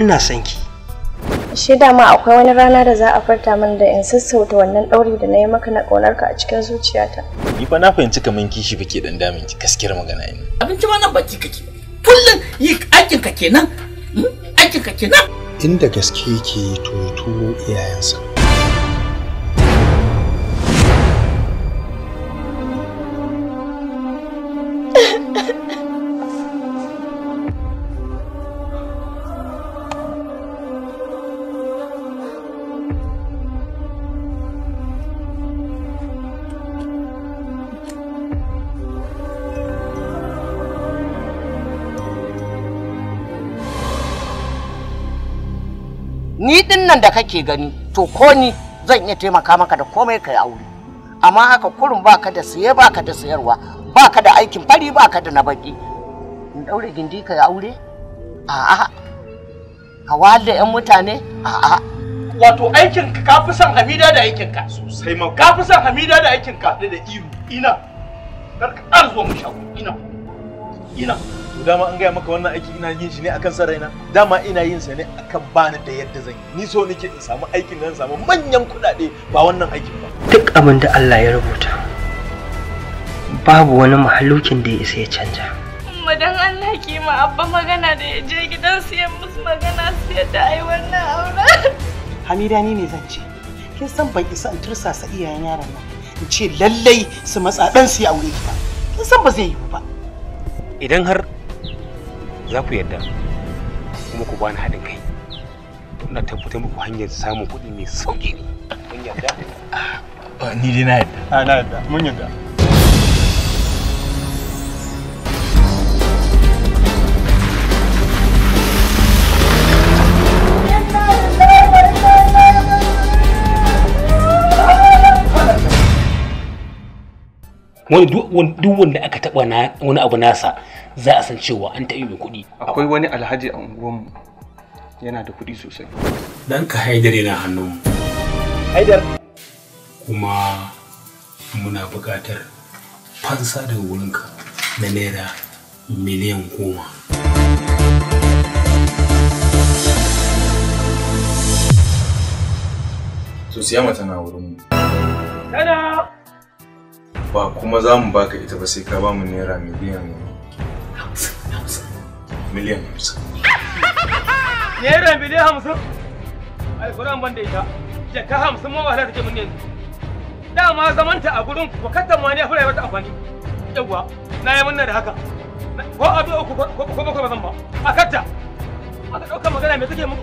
ina son ki shi dama akwai wani rana da za a farta min da in sassauta wannan ɗauri da na yi maka na ƙaunarka ka a cikin zuciyata ni fa na fahimci kaman kishi ke dan damin ki gaskiyar magana ne abinci ma nan baki kake kullum yi aikin ka kenan hmm? aikin ka kenan inda gaske yake to tuwo iyayensa ni din nan da kake gani to ko ni zan iya taimaka maka da komai kai aure amma haka kurin baka da siye baka da sayarwa baka da aikin fari baka da na baki in daure gindi kai aure a'a ka wahal da yan mutane a'a wato aikin ka kafi son Hamida da aikin ka sosai ma kafi son Hamida da aikin ka da iru ina kar ka arzo mu shago ina ina dama an gaya maka wannan aiki ina yin shi ne akan san raina dama ina yin sa ne akan bani da yadda zan yi ni so nake in samu aikin nan samu manyan kuɗaɗe ba wannan aikin ba duk abin da Allah ya rubuta babu wani mahallukin da ya isa ya canja kuma dan Allah ke ma abba magana da ya je gidan su ya musu magana su yadda ai wannan aure Hamida ni ne zan ce kin san ban isa in tursasa iyayen yaran nan in ce lallai su matsa dan su ya aure ki ba kin san ba zai yiwu ba idan har za ku yarda kuma ku bani haɗin kai na tabbatar muku hanyar samun kuɗi mai sauƙi ne mun yarda ah, ni dai na yarda ah, na yarda mun yarda wani duk wanda aka taɓa wani abu nasa za a san cewa an taɓa mai kuɗi akwai wani alhaji a unguwanmu yana da kuɗi sosai dan ka haidar yana hannun haidar kuma muna buƙatar fansa daga wurinka na naira miliyan goma Sosiyama tana wurinmu. Tada! ba kuma za mu baka ita ba sai ka ba mu naira miliyan miliyan hamsin naira miliyan hamsin alkuran ban da ita jaka hamsin ma ta ke mun yanzu dama zamanta a gurin ku katta ma ne ya fara mata amfani yawwa na yi munna da haka ko a biyu uku ko bakwai ba zan ba a katta aka ɗaukar magana me take muku